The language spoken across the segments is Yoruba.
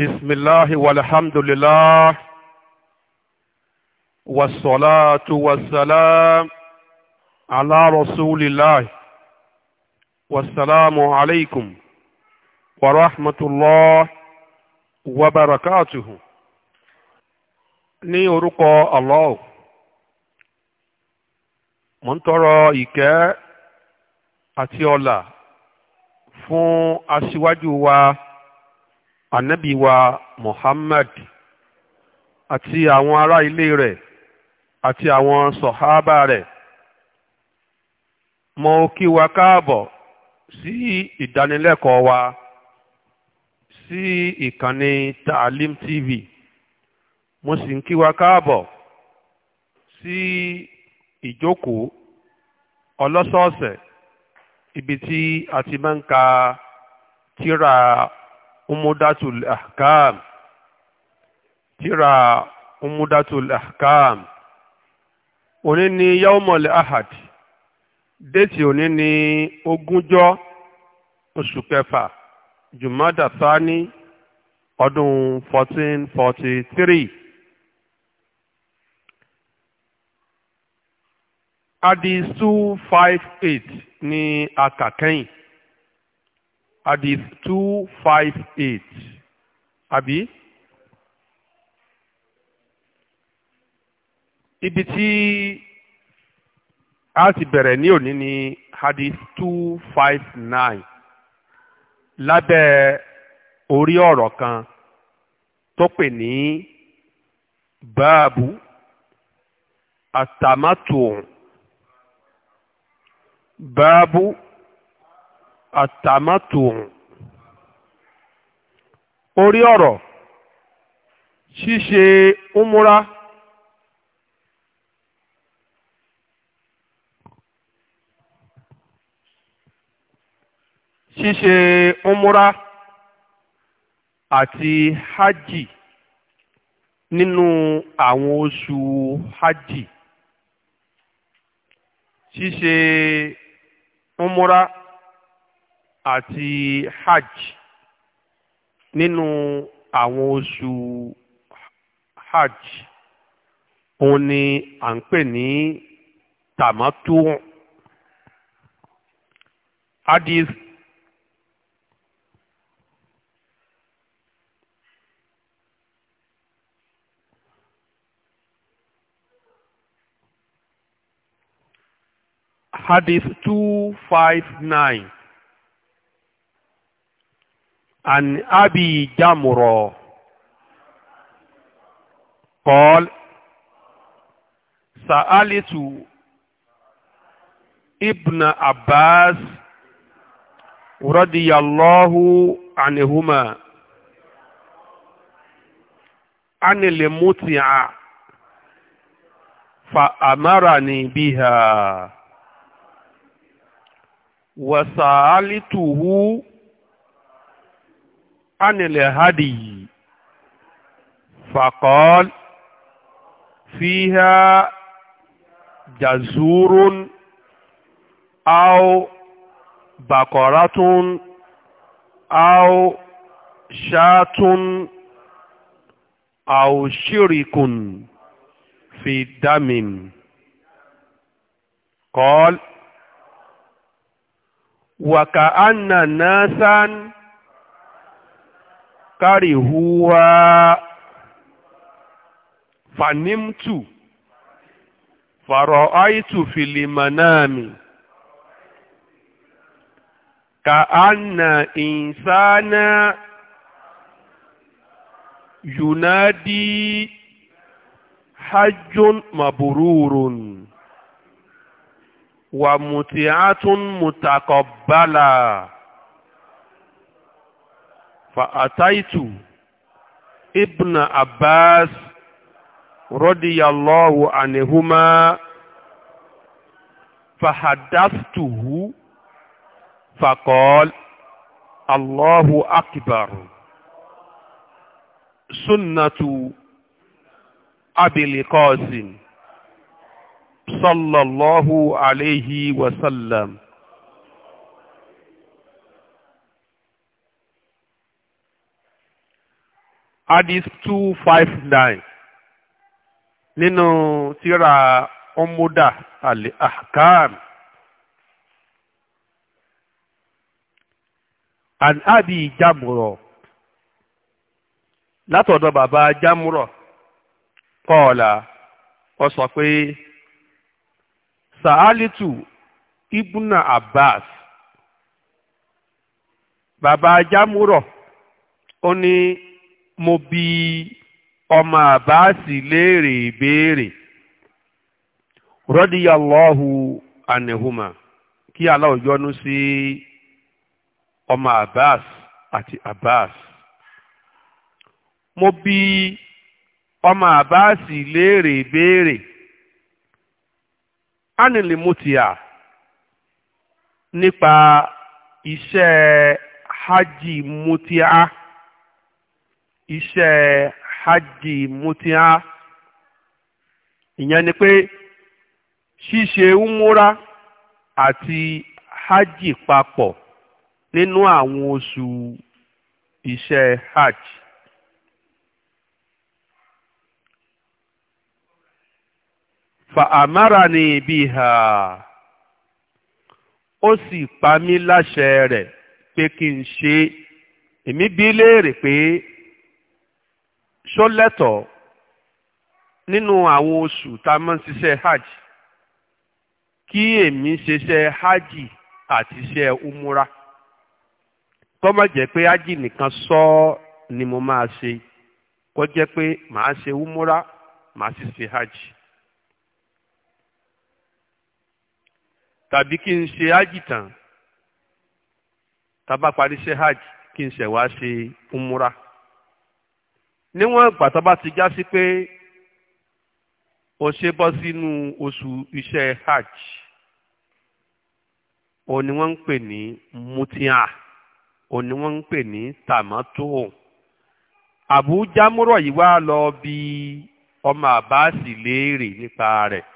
بسم الله والحمد لله والصلاة والسلام على رسول الله والسلام عليكم ورحمة الله وبركاته ní orúkọ Allah mo ń tọrọ ìkẹ́ àti ọlà fún aṣíwájú wa ànábì wa Muhammad àti àwọn ará ilé rẹ̀ àti àwọn sọ̀hábà rẹ̀ mo kí wa káàbọ̀ sí ìdánilẹ́kọ̀ọ́ wa sí ìkànnì Taalim TV mo sì ń kí wa káàbọ̀ sí ìjókòó ọlọ́sọ̀ọ̀sẹ̀ ibi tí a ti máa ń ka tírà umudatul ahkam tírà umudatul ahkam òní ni yaumul ahad déètì òní ni ogúnjọ́ oṣù kẹfà jùmọ́dà sáni ọdún fourteen forty three. Adi two five eight ni a hadith two five eight àbí ibi tí a ti bẹ̀rẹ̀ ní òní ni hadith two five nine lábẹ́ orí ọ̀rọ̀ kan tó pè ní báàbù àtàmátù báàbù àtàmátòhùn orí ọ̀rọ̀ ṣíṣe umura ṣíṣe umura àti hajj nínú àwọn oṣù hajj ṣíṣe umura àti hajj nínú àwọn oṣù hajj òun ni à ń pè ní tàmátú hadith hadith two five nine. عن أبي جمرة قال سألت ابن عباس رضي الله عنهما عن المتعة فأمرني بها وسألته عن الهدي فقال فيها جزور أو بقرة أو شاة أو شرك في دم قال وكأن ناسا kárìhúwá fanimtu fàrọ̀ àìtù fìlìmọ̀nàmì ka anna ìsáná yunadi hajjun mabururun wa muti'atun mutakọ̀bálà fa'ataitu ibn abbas radiyallahu anihuma fahadastuhu faqal allahu akbar sunnatu abil qasim sallallahu alayhi wa sallam hadith 259 nínú tírà ọmọdà àlè ahkam. an abi jamuro látọ̀dọ̀ bàbá jamuro kọ́ọ̀là ó sọ pé sàálìtù ibùnà abbas bàbá jamuro ó ní mo bi ọmọ àbáàsì léèrè ìbéèrè rọ́díyàlọ́hù ànihùmà kí Allah yọ́nú sí ọmọ abbas àti abbas mo bi ọmọ abbas léèrè ìbéèrè anilimutia nípa iṣẹ́ hajj mutia iṣẹ́ hajj mutia ìyẹn ni pé ṣíṣe umura àti hajj papọ̀ nínú àwọn oṣù iṣẹ́ hajj. fàámárani biha ó sì pa mí láṣẹ rẹ̀ pé kí n ṣe èmi bí léèrè pé ṣó nínú àwọn oṣù tá a máa ń hajj kí èmi ṣiṣẹ́ hajj àti iṣẹ́ umura kó jẹ́ pé hajj nìkan sọ ni mo máa ṣe kó jẹ́ pé màá umura màá sì ṣe hajj. tàbí kí n ṣe hajj tán tá a bá parí ṣe hajj n ṣẹ̀ wá umura. níwọ̀n ìgbà tó bá ti já sí pé o ṣe bọ́ sínú oṣù iṣẹ́ hajj o ni wọ́n ń pè ní mutia o ni wọ́n ń pè ní tamato Abu Jamuro yìí wá lọ bí ọmọ àbáàsì léèrè nípa rẹ̀.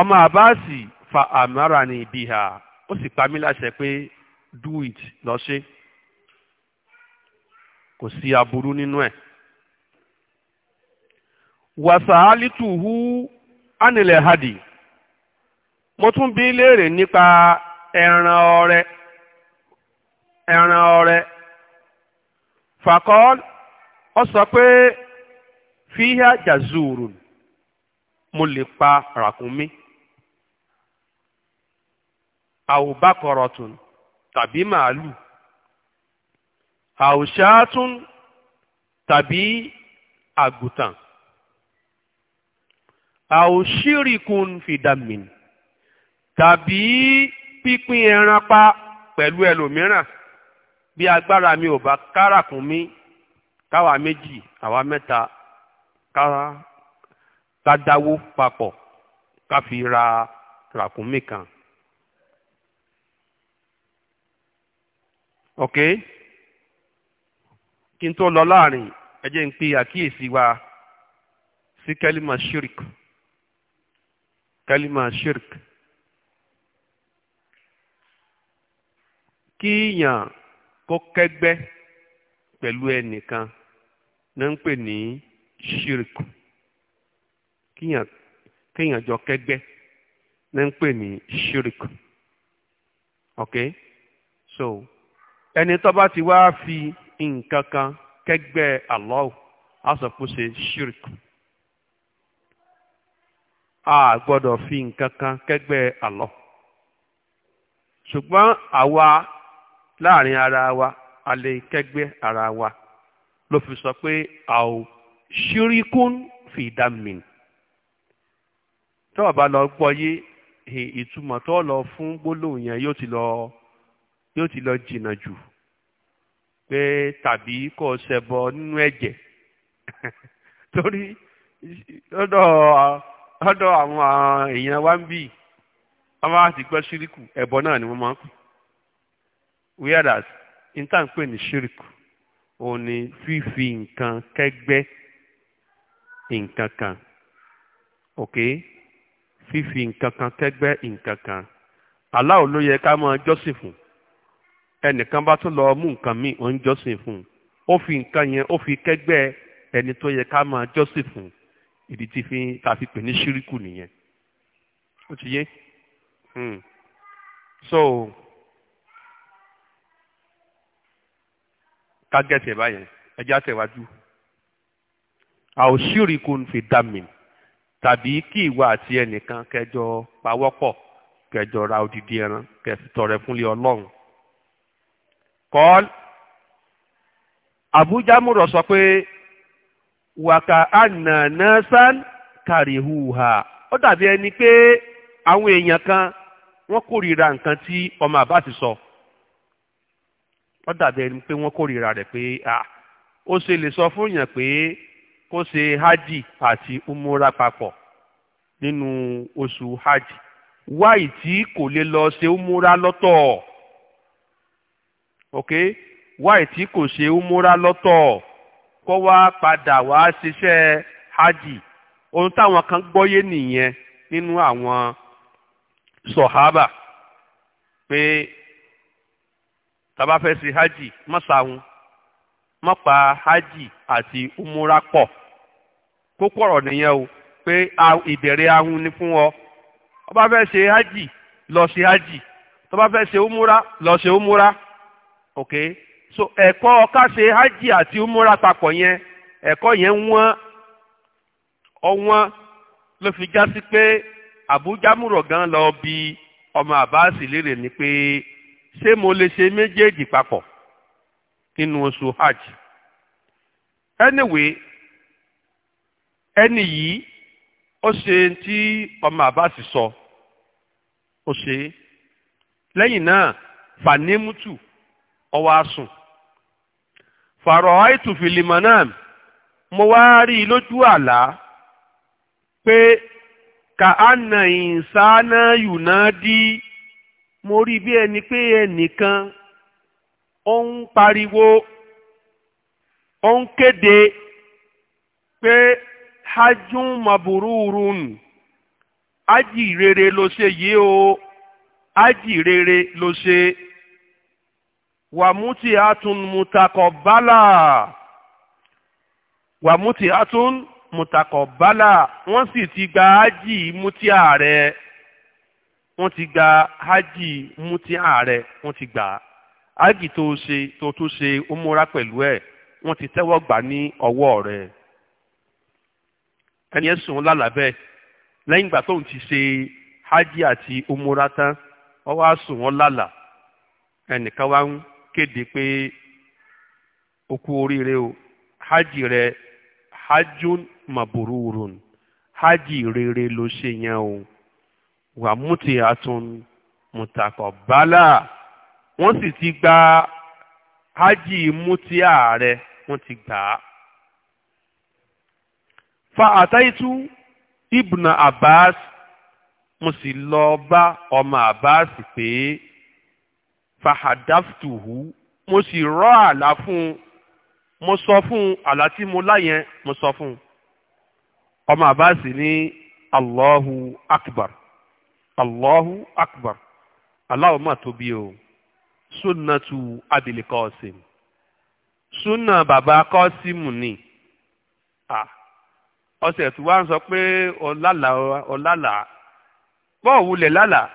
ọmọ àbáàsì fa àmàrà ní ibi ha ó sì pa mí láṣẹ pé do it lọ ṣe. kò sí aburú nínú ẹ̀. wàsálítùhù ánilẹ̀ hadi mo tún bí léèrè nípa ẹran ọrẹ ẹran ọrẹ fàkọ́ ọ sọ pé fíhà jàzúùrù mo lè pa ràkúnmí àwòbákọ̀rọ̀tún tàbí màálù. àwùṣáàtún tàbí àgùtàn àwùṣírìkún fìdàmìn tàbí pípín ẹran pa pẹ̀lú ẹlòmíràn bí agbára mi ò bá káràkùn mi káwa méjì àwa mẹ́ta ká dáwó papọ̀ ká fi ra ràkúnmí kan. Okay? kí n tó lọ láàrin ẹ jẹ́ n pe àkíyèsí wa sí kẹ́límà shirk kẹ́límà shirk kíyàn kó kẹ́gbẹ́ pẹ̀lú ẹnìkan ní ń pè ní shirk kíyàn kíyàn jọ kẹ́gbẹ́ ní ń pè ní shirk ok so ẹni tó bá ti wá fi. nǹkan kan kẹgbẹ́ Allah á sọ pé ṣe shirk a gbọ́dọ̀ fi nǹkan kan kẹgbẹ́ Allah ṣùgbọ́n àwa láàrin ara wa a lè kẹgbẹ́ ara wa ló fi sọ pé àw shirikun fi damin tọ́wọ́ bá lọ gbọ́ yé ìtumọ̀ tó lọ fún gbólóhùn yẹn yóò ti lọ jìnnà jù. pé tàbí kò o ṣẹbọ nínú ẹ̀jẹ̀ torí lọ́dọ̀ lọ́dọ̀ àwọn èèyàn wa ń bì wọ́n bá ti gbọ́ ṣíríkù ẹbọ náà ni wọ́n máa ń pè whereas intan pè ní ṣíríkù òun ni fífi nǹkan kẹ́gbẹ́ nǹkan kan ok fífi nǹkan kan kẹ́gbẹ́ nǹkan kan Allah ló yẹ ká máa jọ́sìn fún ẹnìkan bá tún lọ mú nǹkan míì ó ń jọ́sìn fún un ó fi nǹkan yẹn ó fi kẹ́gbẹ́ ẹni tó yẹ ká máa jọ́sìn fún ìdí tí fi ta fi pè ní ṣíríkù nìyẹn ó ti yé hmm. so kágẹ́tì ẹ̀ báyẹn ẹjẹ́ àtẹ̀wájú àòṣíríkù ń fi dá mi tàbí kí ìwà àti ẹnìkan kẹjọ pawọ́pọ̀ kẹjọ ra odidi ẹran kẹfì tọrẹ fúnlé ọlọ́run abuja àbújámúrọ̀ sọ ana wàkà karihu ha ó dabi ẹni pe àwọn èèyàn kan wọn kórìíra nkan tí ọmọ àbá ti sọ ó dàbí ẹni pé wọ́n kórìíra pe pé ó ṣe lè sọ fún èèyàn pé kó ṣe hajj àti umura papọ̀ nínú oṣù hajj wáyì tí kò lè lọ ṣe umura lọ́tọ̀ ok wáì tí kò ṣe umura lọ́tọ̀ kó wá padà wá ṣiṣẹ́ hajj ohun táwọn kan gbọ́yé nìyẹn nínú àwọn sọ̀hábà pé tàbá fẹ́ ṣe hajj má sáwọn má hajj àti umura pọ̀ kókó ọ̀rọ̀ nìyẹn o pé ìbẹ̀rẹ̀ ahun ni fún ọ ọba fẹ́ ṣe hajj lọ ṣe hajj tọ́ba fẹ́ ṣe umura lọ ṣe umura. ok so ẹ̀kọ́ ká ṣe hajj àti umura papọ̀ yẹn ẹ̀kọ́ yẹn wọ́n ọ̀wọ́n ló fi já sí pé Abuja múrọ̀ gan lọ bí ọmọ àbáàsì léèrè ni pé ṣé mo lè ṣe méjèèjì papọ̀ nínú oṣù hajj anyway ẹni yìí ó ṣe tí ọmọ àbáàsì sọ ó ṣe lẹ́yìn náà fanimutu ọwa wá sùn fàrọ̀ àìtù mo wá rí i lójú àlá pé ka anna ìsáná yùnádí mo rí bí ẹni pé ẹnìkan ó ń pariwo ó ń kéde pé hajjun mabururun ájì rere ló ṣe yìí o ájì rere ló ṣe. wàmútì àtún mùtàkọ̀bálà wàmútì àtún mùtàkọ̀bálà wọ́n sì ti gba ájì mútì ààrẹ wọ́n ti gba ájì mútì ààrẹ wọ́n ti gbà ájì tó ṣe tó tó ṣe ó múra pẹ̀lú ẹ̀ wọ́n ti tẹ́wọ́ gbà ní ọwọ́ rẹ̀ ẹni ẹ̀ sùn lálàbẹ̀ lẹ́yìn ìgbà tóun ti ṣe ájì àti umura tán ó wá sùn wọ́n lálàá ẹnìkan wá ń kéde pé o kú oríire o hajj rẹ hajjun mabururun hajj rere ló ṣe yẹn o wà múti àtún mutakọ̀bálà wọ́n sì ti gba hajj múti ààrẹ wọ́n ti gbà á. fa àtàìtú ibùnà abbas mo sì lọ bá ọmọ abbas pé. fàhàdáfùtùhù mo sì rọ àlá fún un mo sọ fún un àlá tí mo lá yẹn mo sọ fún un ọmọ àbáàsì ní allahu akbar allahu akbar Allahu mà tóbi o sunnatu abil qasim sunna bàbá kọ́símù ni ọ̀sẹ̀ tí wàá sọ pé ọ̀làlà ọ̀làlà bọ́ọ̀wù lẹ̀ lálàá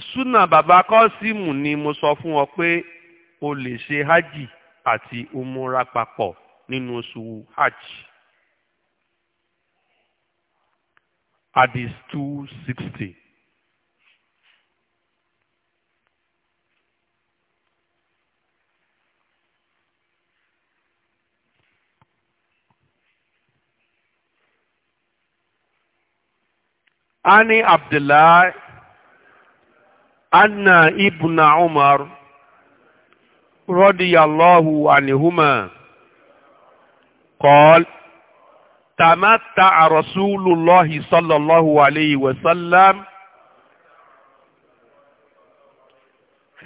súnà bàbá kọ́símù ni mo sọ fún ọ pé o lè ṣe hajj àti umura papọ̀ nínú oṣù hajj. Hadith two sixty. Ani Abdullahi anna ibna umar radiyallahu anihuma qal tamatta rasulullahi sallallahu alayhi wa sallam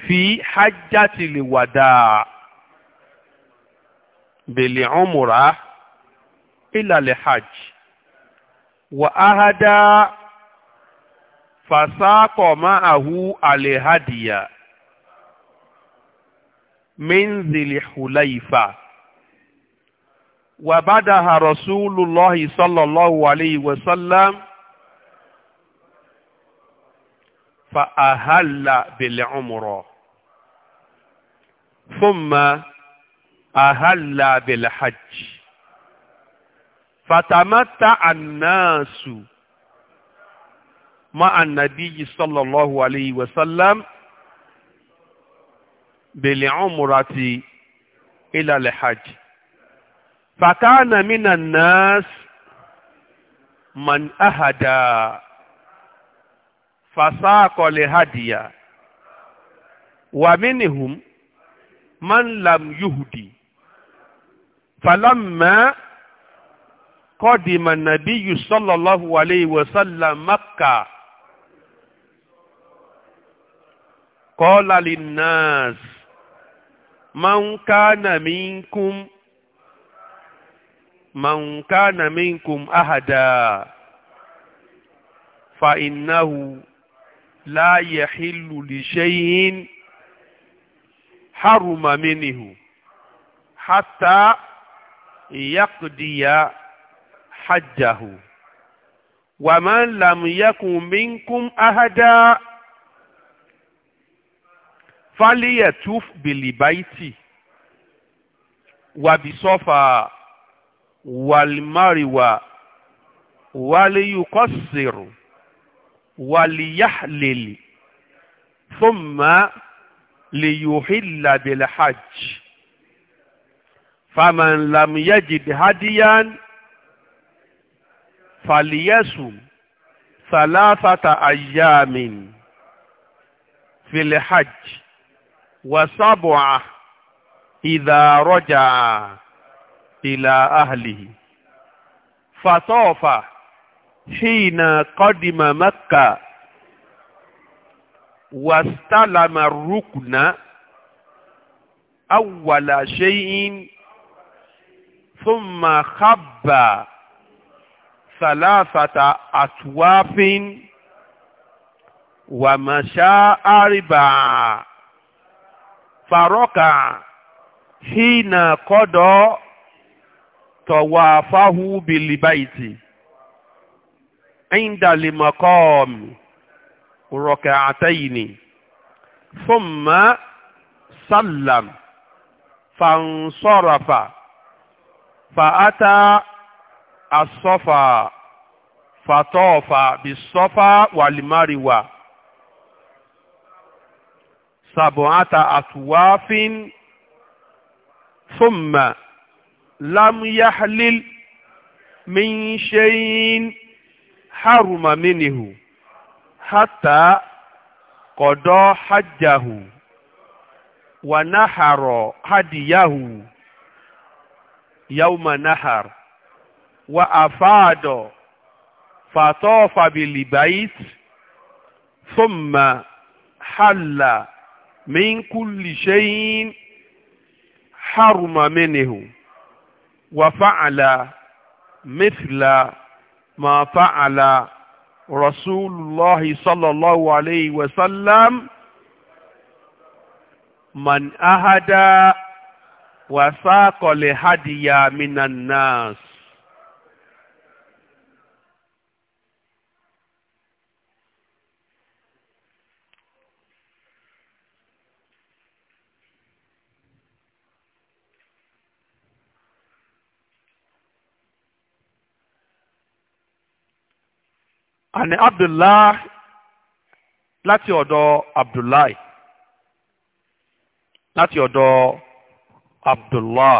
fi hajjatil wada bil umrah ila al hajj wa ahada فساق معه الهدي من ذي الحليفة وبدها رسول الله صلى الله عليه وسلم فأهل بالعمرة ثم أهل بالحج فتمتع الناس مع النبي صلى الله عليه وسلم بالعمرة إلى الحج فكان من الناس من أهدى فساق لهدية، ومنهم من لم يهدي فلما قدم النبي صلى الله عليه وسلم مكة قال للناس من كان منكم من كان منكم أهدا فإنه لا يحل لشيء حرم منه حتى يقضي حجه ومن لم يكن منكم أهدا فليتوف بالبيت وبصفا والمروة وليقصر وليحلل ثم ليحل بالحج فمن لم يجد هديا فليصم ثلاثة أيام في الحج وسبعة إذا رجع إلى أهله فطاف حين قدم مكة واستلم الركن أول شيء ثم خب ثلاثة أطواف ومشى أربعة fàrọ́kà hínà kọ́dọ̀ tọ̀wà fáhù bìlìbáìtì ẹ̀ńdàlìmọ̀kọ́ọ̀m rọ̀kà àtẹ́yìnì fúnmá sálàm fàǹsọ̀ràfà fàátà àsọ́fà fàtọ́ọ̀fà bìsọ́fà wàlìmárìwà. Wa sàbọ̀nàta àtùwáfín fúnmà lámúyáhlil mínṣẹ́yìn hárùmà mínihù hátà kọ̀dọ̀ hajjahù wà náhàrọ̀ hadiyahu yawma nahar wa afáàdọ̀ fàtọ́fàbìlì báyìí ثم حل min kulli shay'in haruma minhu wa fa'ala mithla ma fa'ala rasulullahi sallallahu alayhi wa sallam man ahada wa saqa li hadiya minan nas ani abdullah lati ọ̀dọ̀ abdullahi lati ọ̀dọ̀ abdullah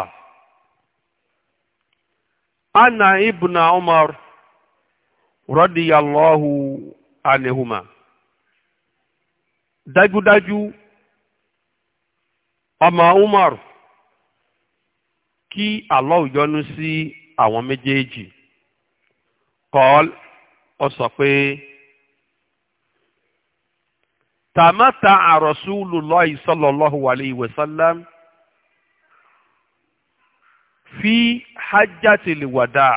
ana ibna umar radiyallahu anihuma dájúdájú ọmọ umar kí Allah yọ́nú sí àwọn méjèèjì kọ́ọ́lù. ó sọ pé tàmátà Rasulullah sallallahu alayhi wa sallam fi hajjatil wada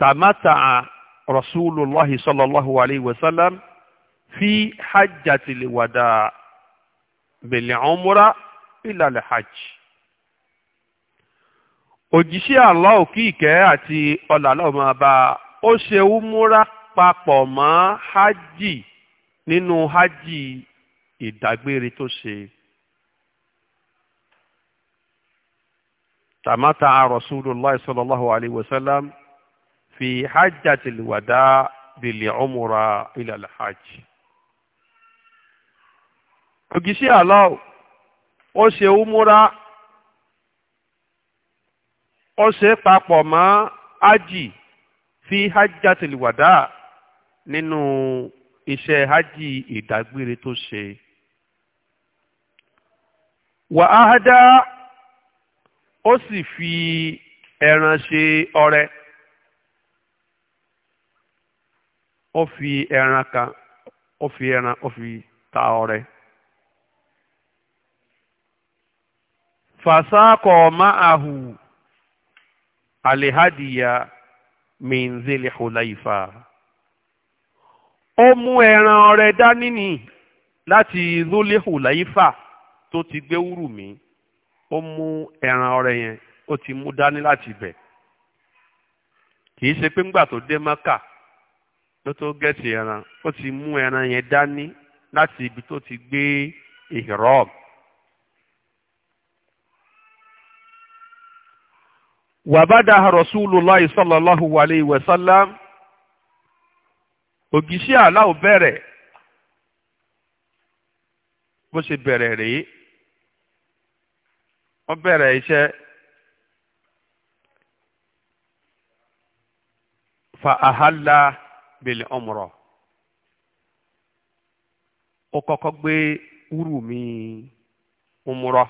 tàmátà Rasulullah sallallahu alayhi wa sallam fi hajjatil wada bil umra ila al hajj. òjíṣẹ́ àlọ́ òkì ìkẹ́ àti ọlà lọ́mọ bá ó ṣe umura papọ̀ mọ́ hajj nínú hajj ìdágbére tó ṣe. tàmátà rasulullah sallallahu alayhi wa sallam fi hajjatil wada bil umra ila al hajj. òjíṣẹ́ àlọ́ ó ṣe umura. ó ṣe papọ̀ mọ́ ájì fi hajjatul wada nínú iṣẹ́ ájì ìdágbére tó ṣe. wàhádá ó sì fi ẹran ṣe ọrẹ ó fi ẹran kan ó fi ẹran ó fi ta ọrẹ. fàṣà kọ̀ máa hù. alihadiya minzili hulaifa ó mú ẹran ọrẹ dání ni láti lólé hulaifa tó ti gbé wúrù mi ó mú ẹran ọrẹ yẹn ó ti mú dání láti bẹ̀ kìí ṣe pé ńgbà tó dé mọ́kà ló tó gẹ̀ẹ́sì ẹran ó ti mú ẹran yẹn dání láti ibi tó ti gbé ìhìrọ́ọ̀mù. wàbádà rasulullah sallallahu alayhi wa sallam ògìṣẹ́ aláwọ̀ bẹ̀rẹ̀ bó ṣe bẹ̀rẹ̀ rèé wọ́n bẹ̀rẹ̀ iṣẹ́ fa ahalla bil umra ó kọkọ gbé wúrù mi umra.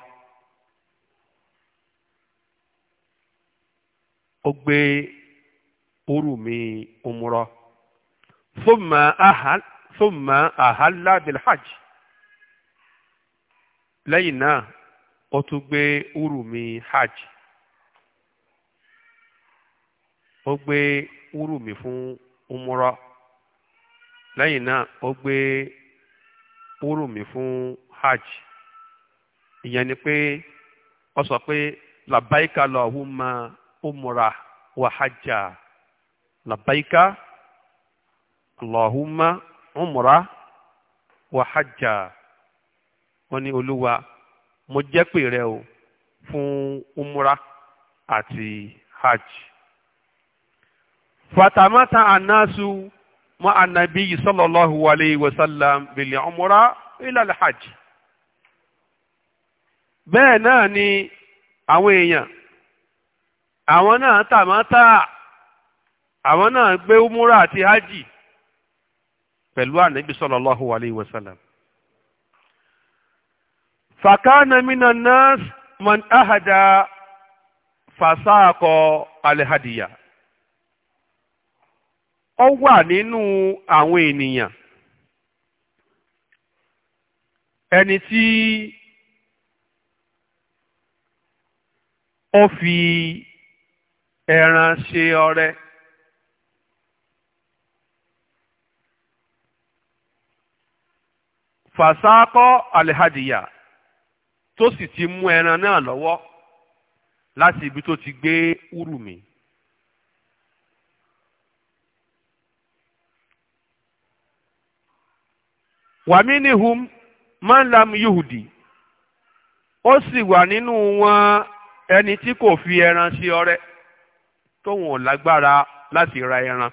ó gbé uru mi òmùrọ̀ fúnmà ahal fúnmà hajj lẹ́yìn náà ó tún gbé òru mi hajj ó gbé uru mi fún òmùrọ̀ lẹ́yìn náà ó gbé uru mi fún hajj ìyẹn ni pé ọ sọ pé làbáyíká lọ ọ̀hún máa. umra wa hajja labbaika allahumma umra wa hajja wọ́n ní olúwa mo jẹ́ pè rẹ o fún umra àti hajj fatamata anasu ma anabi sallallahu alayhi wa sallam bil umra ila al hajj bẹ́ẹ̀ náà ni àwọn èèyàn àwọn náà tàmátà àwọn náà gbé umura àti hajj pẹ̀lú ànábì sallallahu alayhi wa sallam. fakana minan nas man ahada fasaakọ alihadiya Ọ wà nínú àwọn ènìyàn ẹni tí ó fi ẹran ṣe ọrẹ. fàṣàkọ́ alihadiya tó sì ti mú ẹran náà lọ́wọ́ láti ibi tó ti gbé urumi. wàmínihùn mọ́ńlám yuhudi ó sì wà nínú wọn ẹni tí kò fi ẹran ṣe ọrẹ. Si tóun ò lágbára láti ra ẹran.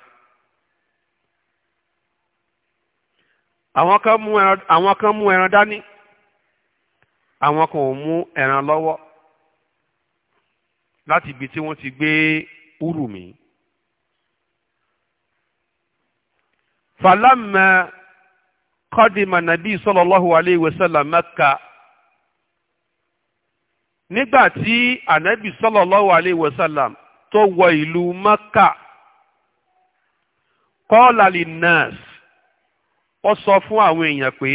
àwọn kan mú ẹran àwọn kan mú ẹran dání àwọn kan ò mú ẹran lọ́wọ́ láti ibi tí wọ́n ti gbé urumi. falamma qadima nabi sallallahu alayhi wa sallam nígbà tí ànábì sallallahu alayhi wa sallam tó wọ ìlú mẹ́kà kọ́ọ̀lá lè nọ́ọ̀sì ó sọ fún àwọn èèyàn pé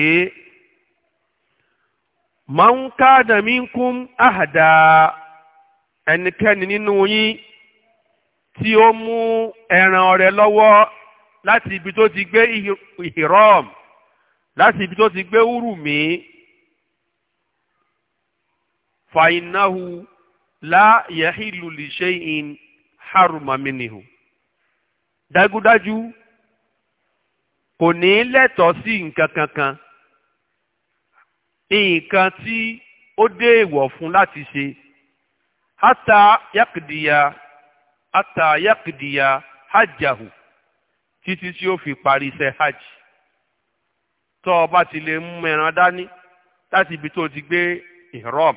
máa ń ká dàmínkùn àhàdà ẹnikẹ́ni nínú yín tí ó mú ẹran ọrẹ lọ́wọ́ láti ibi tó ti gbé ìhìrọ́m láti ibi tó ti gbé úrùmí fàyínáhu la yahilu li shay'in haruma minhu dájúdájú kò ní lẹ́tọ̀ọ́ sí nǹkan kankan nǹkan tí ó dé ìwọ̀ fún láti ṣe hata yakidiya hata yakidiya hajjahu títí tí ó fi parí iṣẹ́ hajj tó o bá ti lè mú ẹran dání láti ibi tó ti gbé ihram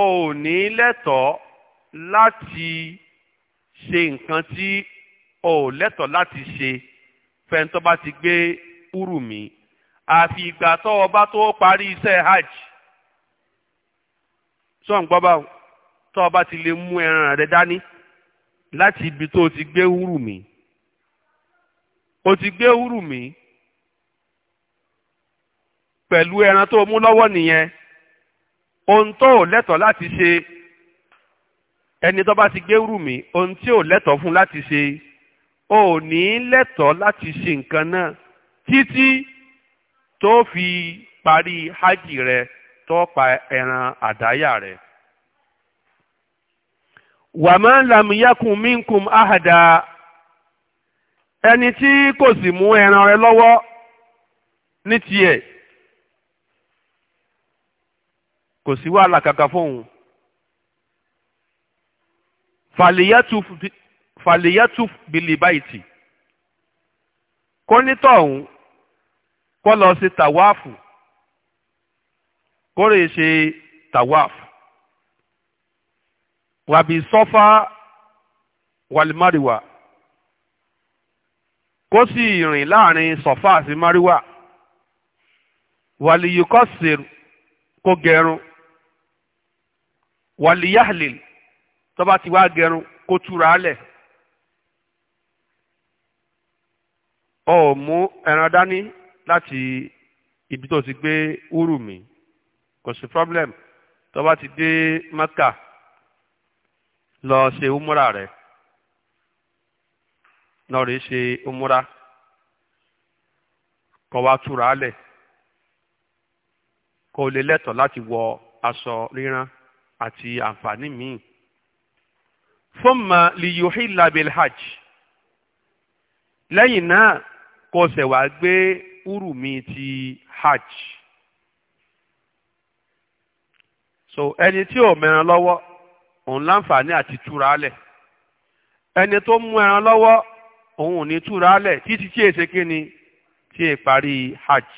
o ò ní lẹ́tọ̀ọ́ láti ṣe nǹkan tí o ò lẹ́tọ̀ọ́ láti ṣe fẹ́ni tó bá ti gbé urumi àfi ìgbà tó o bá tó parí iṣẹ́ hajj sọ̀ ń gbọ́ báwo tó o bá ti lè mú ẹran rẹ dání láti ibi tó o ti gbé urumi o ti gbé urumi pẹ̀lú ẹran tó o mú lọ́wọ́ nìyẹn ohun tó ò lẹ́tọ̀ọ́ láti ṣe ẹni tó bá ti gbérù mí ohun tí ò lẹ́tọ̀ọ́ fún láti ṣe ò ní lẹ́tọ̀ọ́ láti ṣe nǹkan náà títí tó fi parí hajj rẹ tó pa ẹran àdáyà rẹ. wàmọ́ làmìyàkùn minkum ahada ẹni tí kò sì mú ẹran rẹ lọ́wọ́ ní tiẹ̀ kò sí wàhálà kankan fóun fàlìyàtú bilibaiti kọ́nítọ̀ ọ̀hún kọ́ lọ sí tàwáàfù kórè ṣe tàwáàfù wàbí sọ́fà wàlímàríwá kó sì rìn láàrin sọ́fà àti máríwá wàlíyìkọ́sì kó gẹrun wàlíyàhlil tó bá ti wá gẹrun kó túra lẹ̀ ọ ò mú ẹran dání láti ibi tó ti gbé úrù mi kò sí problem tó bá ti dé Mẹ́kà lọ ṣe umura rẹ̀ lọ ṣe umura kó wá túra lẹ̀ kó lè lẹ́tọ̀ọ́ láti wọ aṣọ ríran. àti àǹfààní míì fọ́mà liyuhilla bil hajj lẹ́yìn náà kó ṣẹ̀ wá gbé mi ti hajj so ẹni tí ò mẹ́ran lọ́wọ́ òun láǹfààní àti túra lẹ̀ ẹni tó mú ẹran lọ́wọ́ òun ò ní túra lẹ̀ títí tí èsèké ni tí è parí hajj.